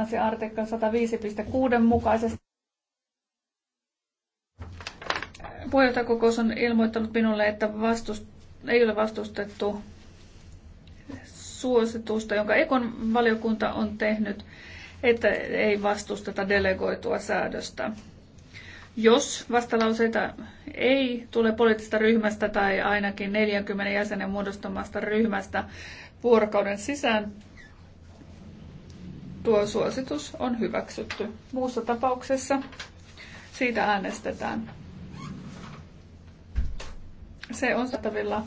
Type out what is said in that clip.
asia artikkel 105.6 mukaisesti. Puheenjohtajakokous on ilmoittanut minulle, että vastust, ei ole vastustettu suositusta, jonka Ekon valiokunta on tehnyt, että ei vastusteta delegoitua säädöstä. Jos vastalauseita ei tule poliittisesta ryhmästä tai ainakin 40 jäsenen muodostamasta ryhmästä vuorokauden sisään, Tuo suositus on hyväksytty. Muussa tapauksessa siitä äänestetään. Se on saatavilla